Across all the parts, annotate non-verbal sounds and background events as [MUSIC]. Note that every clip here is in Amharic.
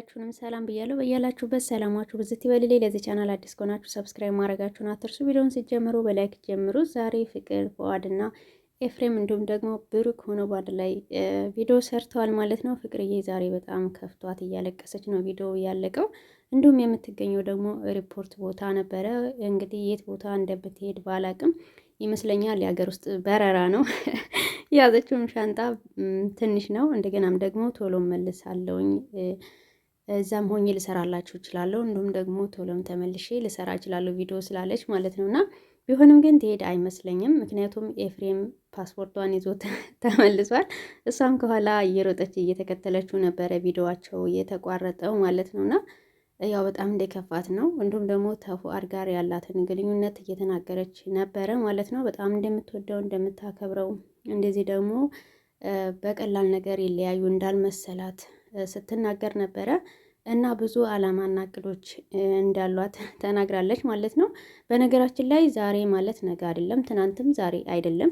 ሁላችሁንም ሰላም ብያለሁ። በያላችሁበት ሰላማችሁ ብዝት ይበልልኝ። ለዚህ ቻናል አዲስ ከሆናችሁ ሰብስክራይብ ማድረጋችሁን አትርሱ። ቪዲዮውን ሲጀምሩ በላይክ ጀምሩ። ዛሬ ፍቅር ፈዋድና ኤፍሬም እንዲሁም ደግሞ ብሩክ ሆኖ ባንድ ላይ ቪዲዮ ሰርተዋል ማለት ነው። ፍቅርዬ ዛሬ በጣም ከፍቷት እያለቀሰች ነው ቪዲዮ ያለቀው። እንዲሁም የምትገኘው ደግሞ ሪፖርት ቦታ ነበረ። እንግዲህ የት ቦታ እንደምትሄድ ባላቅም ይመስለኛል የሀገር ውስጥ በረራ ነው [LAUGHS] የያዘችውም ሻንጣ ትንሽ ነው። እንደገናም ደግሞ ቶሎ መልሳለውኝ እዛም ሆኜ ልሰራላችሁ እችላለሁ። እንዲሁም ደግሞ ቶሎም ተመልሼ ልሰራ እችላለሁ ቪዲዮ ስላለች ማለት ነው እና ቢሆንም ግን ትሄድ አይመስለኝም። ምክንያቱም ኤፍሬም ፓስፖርቷን ይዞ ተመልሷል። እሷም ከኋላ እየሮጠች እየተከተለችው ነበረ ቪዲዮዋቸው እየተቋረጠው ማለት ነውና ያው በጣም እንደከፋት ነው። እንዲሁም ደግሞ ተፉአድ ጋር ያላትን ግንኙነት እየተናገረች ነበረ ማለት ነው። በጣም እንደምትወደው እንደምታከብረው፣ እንደዚህ ደግሞ በቀላል ነገር ይለያዩ እንዳልመሰላት ስትናገር ነበረ እና ብዙ አላማና እቅዶች እንዳሏት ተናግራለች ማለት ነው። በነገራችን ላይ ዛሬ ማለት ነገ አይደለም፣ ትናንትም ዛሬ አይደለም።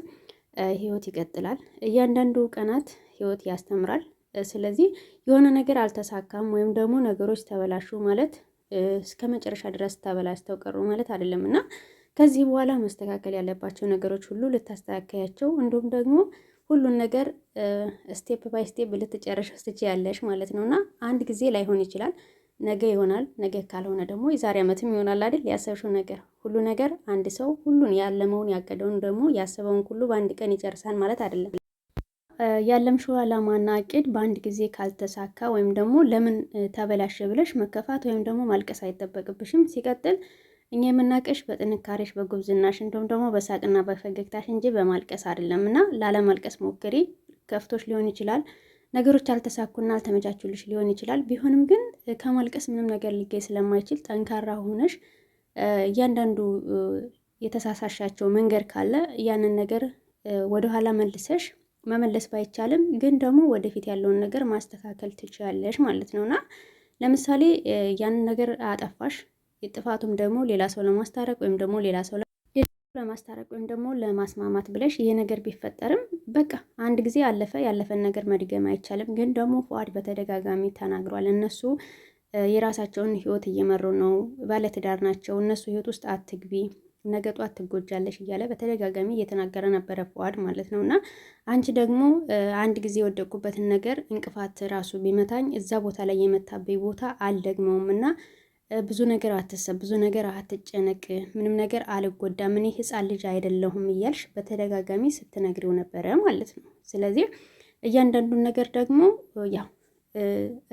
ህይወት ይቀጥላል። እያንዳንዱ ቀናት ህይወት ያስተምራል። ስለዚህ የሆነ ነገር አልተሳካም ወይም ደግሞ ነገሮች ተበላሹ ማለት እስከ መጨረሻ ድረስ ተበላሽተው ቀሩ ማለት አይደለም እና ከዚህ በኋላ መስተካከል ያለባቸው ነገሮች ሁሉ ልታስተካከያቸው እንዲሁም ደግሞ ሁሉን ነገር ስቴፕ ባይ ስቴፕ ልትጨርሽ ትችያለሽ ማለት ነው። እና አንድ ጊዜ ላይሆን ይችላል፣ ነገ ይሆናል። ነገ ካልሆነ ደግሞ የዛሬ ዓመትም ይሆናል አይደል? ያሰብሽው ነገር ሁሉ ነገር አንድ ሰው ሁሉን ያለመውን ያቀደውን ደግሞ ያሰበውን ሁሉ በአንድ ቀን ይጨርሳል ማለት አይደለም። ያለምሽው ዓላማና እቅድ በአንድ ጊዜ ካልተሳካ ወይም ደግሞ ለምን ተበላሸ ብለሽ መከፋት ወይም ደግሞ ማልቀስ አይጠበቅብሽም። ሲቀጥል እኛ የምናቀሽ በጥንካሬሽ በጉብዝናሽ እንዲሁም ደግሞ በሳቅና በፈገግታሽ እንጂ በማልቀስ አይደለም እና ላለማልቀስ ሞክሪ። ከፍቶች ሊሆን ይችላል፣ ነገሮች አልተሳኩና አልተመቻቹልሽ ሊሆን ይችላል። ቢሆንም ግን ከማልቀስ ምንም ነገር ሊገኝ ስለማይችል ጠንካራ ሆነሽ እያንዳንዱ የተሳሳሻቸው መንገድ ካለ ያንን ነገር ወደኋላ መልሰሽ መመለስ ባይቻልም ግን ደግሞ ወደፊት ያለውን ነገር ማስተካከል ትችያለሽ ማለት ነውና ለምሳሌ ያንን ነገር አጠፋሽ ጥፋቱም ደግሞ ሌላ ሰው ለማስታረቅ ወይም ደግሞ ሌላ ሰው ለማስታረቅ ወይም ደግሞ ለማስማማት ብለሽ ይሄ ነገር ቢፈጠርም በቃ አንድ ጊዜ አለፈ። ያለፈን ነገር መድገም አይቻልም። ግን ደግሞ ፉአድ በተደጋጋሚ ተናግሯል። እነሱ የራሳቸውን ህይወት እየመሩ ነው፣ ባለትዳር ናቸው። እነሱ ህይወት ውስጥ አትግቢ፣ ነገ ጧት ትጎጃለሽ እያለ በተደጋጋሚ እየተናገረ ነበረ ፉአድ ማለት ነው። እና አንቺ ደግሞ አንድ ጊዜ የወደቁበትን ነገር እንቅፋት ራሱ ቢመታኝ እዛ ቦታ ላይ የመታበይ ቦታ አልደግመውም እና ብዙ ነገር አትሰብ፣ ብዙ ነገር አትጨነቅ፣ ምንም ነገር አልጎዳም፣ እኔ ህፃን ልጅ አይደለሁም እያልሽ በተደጋጋሚ ስትነግሪው ነበረ ማለት ነው። ስለዚህ እያንዳንዱን ነገር ደግሞ ያው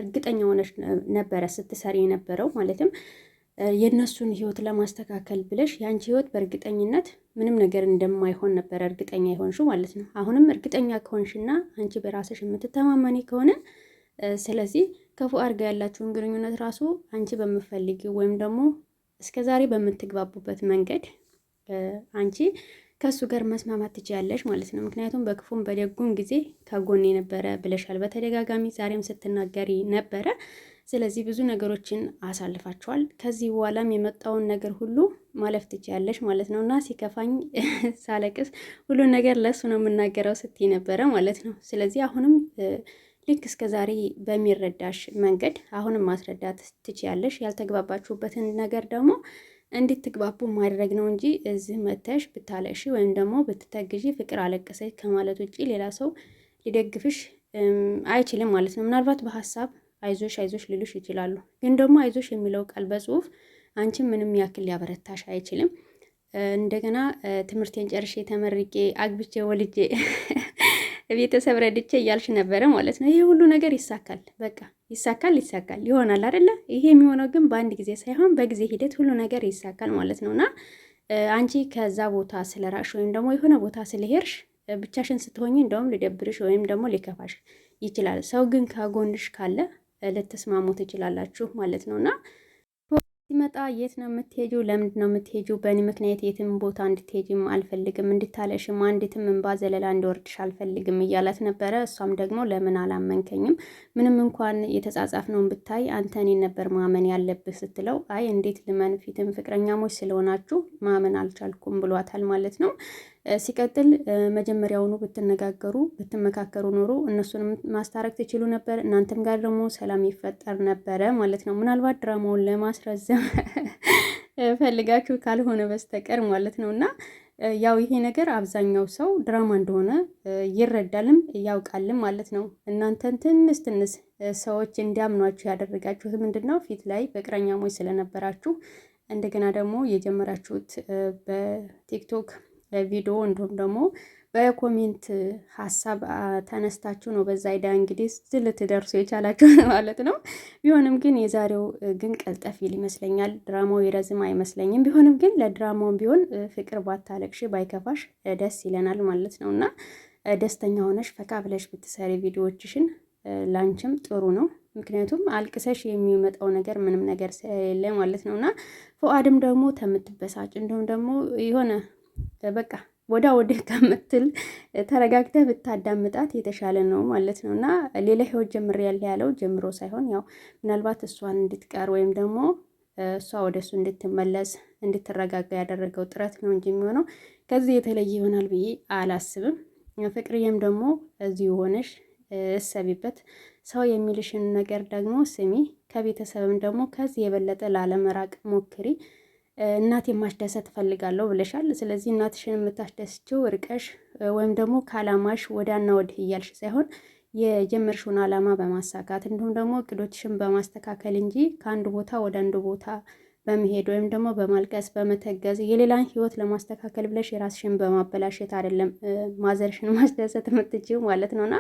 እርግጠኛ ሆነሽ ነበረ ስትሰሪ የነበረው ማለትም የእነሱን ህይወት ለማስተካከል ብለሽ ያንቺ ህይወት በእርግጠኝነት ምንም ነገር እንደማይሆን ነበረ እርግጠኛ የሆንሹ ማለት ነው። አሁንም እርግጠኛ ከሆንሽና አንቺ በራስሽ የምትተማመኒ ከሆነ ስለዚህ ከፉአድ ጋር ያላችሁን ግንኙነት ራሱ አንቺ በምፈልጊው ወይም ደግሞ እስከ ዛሬ በምትግባቡበት መንገድ አንቺ ከእሱ ጋር መስማማት ትችያለሽ ማለት ነው። ምክንያቱም በክፉም በደጉም ጊዜ ከጎን የነበረ ብለሻል፣ በተደጋጋሚ ዛሬም ስትናገሪ ነበረ። ስለዚህ ብዙ ነገሮችን አሳልፋቸዋል። ከዚህ በኋላም የመጣውን ነገር ሁሉ ማለፍ ትችያለሽ ማለት ነው እና ሲከፋኝ [LAUGHS] ሳለቅስ ሁሉን ነገር ለእሱ ነው የምናገረው ስትይ ነበረ ማለት ነው። ስለዚህ አሁንም ልክ እስከ ዛሬ በሚረዳሽ መንገድ አሁንም ማስረዳት ትችያለሽ። ያልተግባባችሁበትን ነገር ደግሞ እንድትግባቡ ማድረግ ነው እንጂ እዚህ መተሽ ብታለሽ ወይም ደግሞ ብትተግዢ ፍቅር አለቀሰች ከማለት ውጭ ሌላ ሰው ሊደግፍሽ አይችልም ማለት ነው። ምናልባት በሀሳብ አይዞሽ አይዞሽ ሊሉሽ ይችላሉ። ግን ደግሞ አይዞሽ የሚለው ቃል በጽሁፍ አንቺን ምንም ያክል ሊያበረታሽ አይችልም። እንደገና ትምህርቴን ጨርሼ ተመርቄ አግብቼ ወልጄ ቤተሰብ ረድቼ እያልሽ ነበረ ማለት ነው። ይሄ ሁሉ ነገር ይሳካል፣ በቃ ይሳካል፣ ይሳካል ይሆናል አይደለ? ይሄ የሚሆነው ግን በአንድ ጊዜ ሳይሆን በጊዜ ሂደት ሁሉ ነገር ይሳካል ማለት ነው እና አንቺ ከዛ ቦታ ስለራሽ ወይም ደግሞ የሆነ ቦታ ስለሄድሽ ብቻሽን ስትሆኝ እንደውም ሊደብርሽ ወይም ደግሞ ሊከፋሽ ይችላል። ሰው ግን ከጎንሽ ካለ ልትስማሙ ትችላላችሁ ማለት ነውና ሲመጣ የት ነው የምትሄጁ? ለምንድን ነው የምትሄጁ? በእኔ ምክንያት የትም ቦታ እንድትሄጂም አልፈልግም፣ እንድታለሽም አንዲትም እንባ ዘለላ እንዲወርድሽ አልፈልግም እያላት ነበረ። እሷም ደግሞ ለምን አላመንከኝም? ምንም እንኳን ነው ብታይ አንተ እኔን ነበር ማመን ያለብህ ስትለው፣ አይ እንዴት ልመን? ፊትም ፍቅረኛሞች ስለሆናችሁ ማመን አልቻልኩም ብሏታል ማለት ነው። ሲቀጥል መጀመሪያውኑ ብትነጋገሩ ብትመካከሩ ኖሮ እነሱንም ማስታረቅ ትችሉ ነበር። እናንተም ጋር ደግሞ ሰላም ይፈጠር ነበረ ማለት ነው። ምናልባት ድራማውን ለማስረዘም [LAUGHS] ፈልጋችሁ ካልሆነ በስተቀር ማለት ነው እና ያው ይሄ ነገር አብዛኛው ሰው ድራማ እንደሆነ ይረዳልም ያውቃልም ማለት ነው። እናንተን ትንስ ትንስ ሰዎች እንዲያምኗችሁ ያደረጋችሁት ምንድን ነው? ፊት ላይ ፍቅረኛሞች ስለነበራችሁ እንደገና ደግሞ የጀመራችሁት በቲክቶክ ቪዲዮ እንዲሁም ደግሞ በኮሜንት ሀሳብ ተነስታችሁ ነው በዛ አይዳ እንግዲህ ስ ልትደርሱ የቻላችሁ [LAUGHS] ማለት ነው። ቢሆንም ግን የዛሬው ግን ይል ይመስለኛል። ድራማው ይረዝም አይመስለኝም። ቢሆንም ግን ለድራማውም ቢሆን ፍቅር ባታለቅሽ ባይከፋሽ ደስ ይለናል ማለት ነው እና ደስተኛ ሆነሽ ፈካ ብለሽ ብትሰሪ ቪዲዮዎችሽን ላንችም ጥሩ ነው። ምክንያቱም አልቅሰሽ የሚመጣው ነገር ምንም ነገር ስለሌለ ማለት ነው እና ፎአድም ደግሞ ተምትበሳጭ እንዲሁም ደግሞ የሆነ በቃ ወዳ ወደ ከምትል ተረጋግተህ ብታዳምጣት የተሻለ ነው ማለት ነው። እና ሌላ ህይወት ጀምር ያለ ያለው ጀምሮ ሳይሆን ያው ምናልባት እሷን እንድትቀር ወይም ደግሞ እሷ ወደ እሱ እንድትመለስ እንድትረጋጋ ያደረገው ጥረት ነው እንጂ የሚሆነው ከዚህ የተለየ ይሆናል ብዬ አላስብም። ፍቅርዬም ደግሞ እዚህ ሆነሽ እሰቢበት፣ ሰው የሚልሽን ነገር ደግሞ ስሚ፣ ከቤተሰብም ደግሞ ከዚህ የበለጠ ላለመራቅ ሞክሪ። እናት የማስደሰት እፈልጋለሁ ብለሻል። ስለዚህ እናትሽን የምታስደስችው እርቀሽ ወይም ደግሞ ከአላማሽ ወዳና ወድህ እያልሽ ሳይሆን የጀመርሽውን አላማ በማሳካት እንዲሁም ደግሞ እቅዶችሽን በማስተካከል እንጂ ከአንድ ቦታ ወደ አንድ ቦታ በመሄድ ወይም ደግሞ በማልቀስ በመተገዝ የሌላን ህይወት ለማስተካከል ብለሽ የራስሽን በማበላሸት አይደለም ማዘርሽን ማስደሰት የምትችይው ማለት ነውና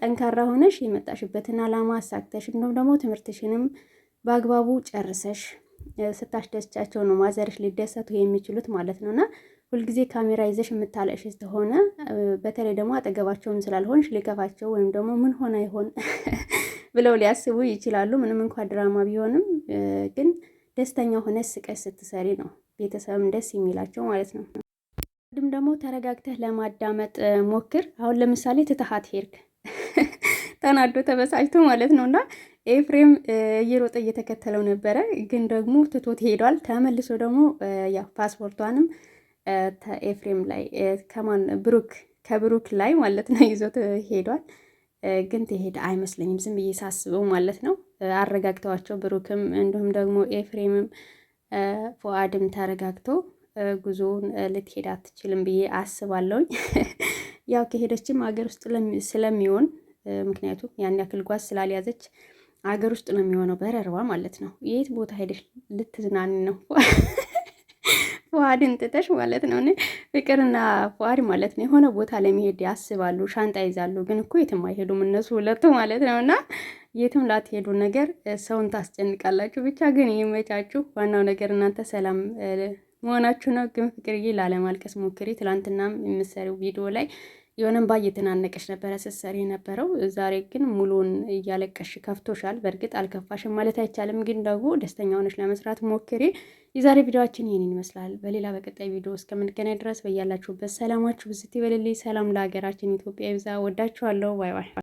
ጠንካራ ሆነሽ የመጣሽበትን አላማ አሳክተሽ እንዲሁም ደግሞ ትምህርትሽንም በአግባቡ ጨርሰሽ ስታስደስቻቸው ነው ማዘርሽ ሊደሰቱ የሚችሉት ማለት ነውና ሁልጊዜ ካሜራ ይዘሽ የምታለቅሽ ስትሆነ በተለይ ደግሞ አጠገባቸውም ስላልሆንሽ ሊከፋቸው ወይም ደግሞ ምን ሆነ ይሆን [LAUGHS] ብለው ሊያስቡ ይችላሉ። ምንም እንኳ ድራማ ቢሆንም ግን ደስተኛ ሆነ ስቀሽ ስትሰሪ ነው ቤተሰብም ደስ የሚላቸው ማለት ነው። ድም ደግሞ ተረጋግተህ ለማዳመጥ ሞክር። አሁን ለምሳሌ ትተሃት ሄድክ [LAUGHS] ተናዶ ተበሳጭቶ ማለት ነው እና ኤፍሬም እየሮጠ እየተከተለው ነበረ። ግን ደግሞ ትቶት ሄዷል። ተመልሶ ደግሞ ያው ፓስፖርቷንም ኤፍሬም ላይ ከማን ብሩክ ከብሩክ ላይ ማለት ነው ይዞት ሄዷል። ግን ትሄድ አይመስለኝም ዝም ብዬ ሳስበው ማለት ነው። አረጋግተዋቸው ብሩክም እንዲሁም ደግሞ ኤፍሬምም ፎአድም ተረጋግቶ ጉዞውን ልትሄድ አትችልም ብዬ አስባለሁኝ። [LAUGHS] ያው ከሄደችም ሀገር ውስጥ ስለሚሆን ምክንያቱም ያን ያክል ጓዝ ስላልያዘች አገር ውስጥ ነው የሚሆነው፣ በረረዋ ማለት ነው። የት ቦታ ሄደሽ ልትዝናን ነው? [LAUGHS] ፉአድን ጥተሽ ማለት ነው። ፍቅርና ፉአድ ማለት ነው የሆነ ቦታ ለመሄድ ያስባሉ፣ ሻንጣ ይዛሉ፣ ግን እኮ የትም አይሄዱም እነሱ ሁለቱ ማለት ነው። እና የትም ላትሄዱ ነገር ሰውን ታስጨንቃላችሁ። ብቻ ግን ይመቻችሁ። ዋናው ነገር እናንተ ሰላም መሆናችሁ ነው። ግን ፍቅርዬ ላለማልቀስ ሞክሪ። ትላንትናም የምትሰሪው ቪዲዮ ላይ የሆነም ባ እየተናነቀሽ ነበረ ስትሰሪ የነበረው። ዛሬ ግን ሙሉን እያለቀሽ ከፍቶሻል። በእርግጥ አልከፋሽም ማለት አይቻልም፣ ግን ደግሞ ደስተኛ ሆነች ለመስራት ሞክሪ። የዛሬ ቪዲዮችን ይህንን ይመስላል። በሌላ በቀጣይ ቪዲዮ እስከምንገናኝ ድረስ በያላችሁበት ሰላማችሁ ብዝት ይበልልኝ። ሰላም ለሀገራችን ኢትዮጵያ ይብዛ። ወዳችኋለሁ። ባይ ባይ።